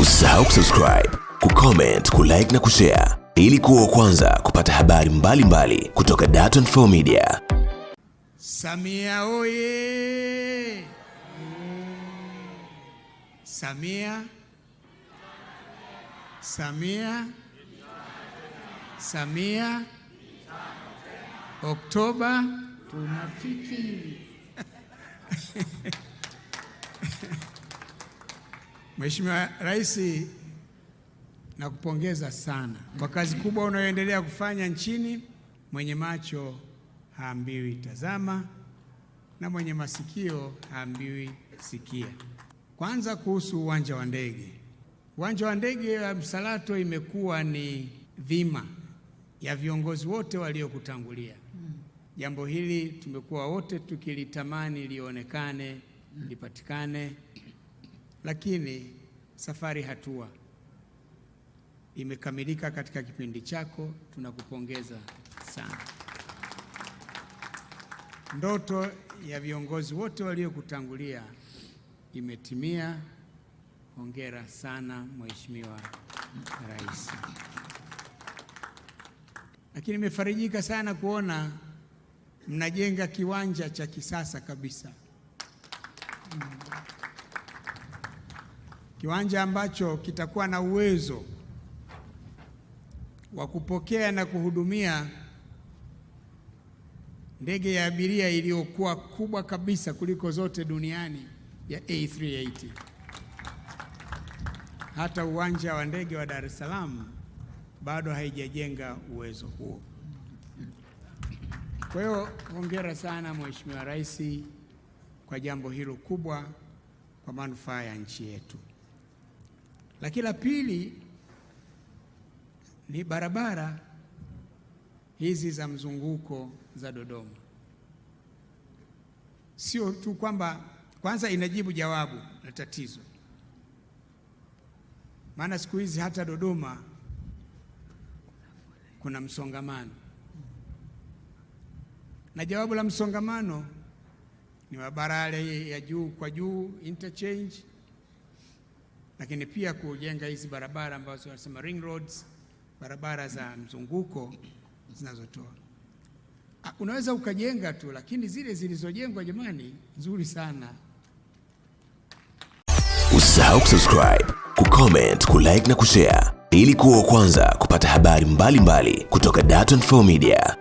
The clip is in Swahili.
Usisahau kusubscribe, kucomment, kulike na kushare ili kuwa kwanza kupata habari mbalimbali mbali kutoka Dar24 Media. Samia oye! Samia, Samia, Samia, Oktoba tunafikiri Mheshimiwa Rais, nakupongeza sana kwa kazi kubwa unayoendelea kufanya nchini. Mwenye macho haambiwi tazama, na mwenye masikio haambiwi sikia. Kwanza kuhusu uwanja wa ndege, uwanja wa ndege ya Msalato imekuwa ni dhima ya viongozi wote waliokutangulia. Jambo hili tumekuwa wote tukilitamani lionekane, lipatikane lakini safari hatua imekamilika katika kipindi chako, tunakupongeza sana. Ndoto ya viongozi wote waliokutangulia imetimia. Hongera sana Mheshimiwa Rais. Lakini nimefarijika sana kuona mnajenga kiwanja cha kisasa kabisa kiwanja ambacho kitakuwa na uwezo wa kupokea na kuhudumia ndege ya abiria iliyokuwa kubwa kabisa kuliko zote duniani ya A380. Hata uwanja wa ndege wa Dar es Salaam bado haijajenga uwezo huo. Kwa hiyo hongera sana Mheshimiwa Rais kwa jambo hilo kubwa kwa manufaa ya nchi yetu. Lakini la pili ni barabara hizi za mzunguko za Dodoma. Sio tu kwamba kwanza inajibu jawabu la tatizo, maana siku hizi hata Dodoma kuna msongamano, na jawabu la msongamano ni barabara ya juu kwa juu interchange lakini pia kujenga hizi barabara ambazo wanasema ring roads, barabara za mzunguko zinazotoa. Ah, unaweza ukajenga tu, lakini zile zilizojengwa jamani, nzuri sana. Usisahau kusubscribe, kucomment, kulike na kushare ili kuwa wa kwanza kupata habari mbalimbali mbali kutoka Dar24 Media.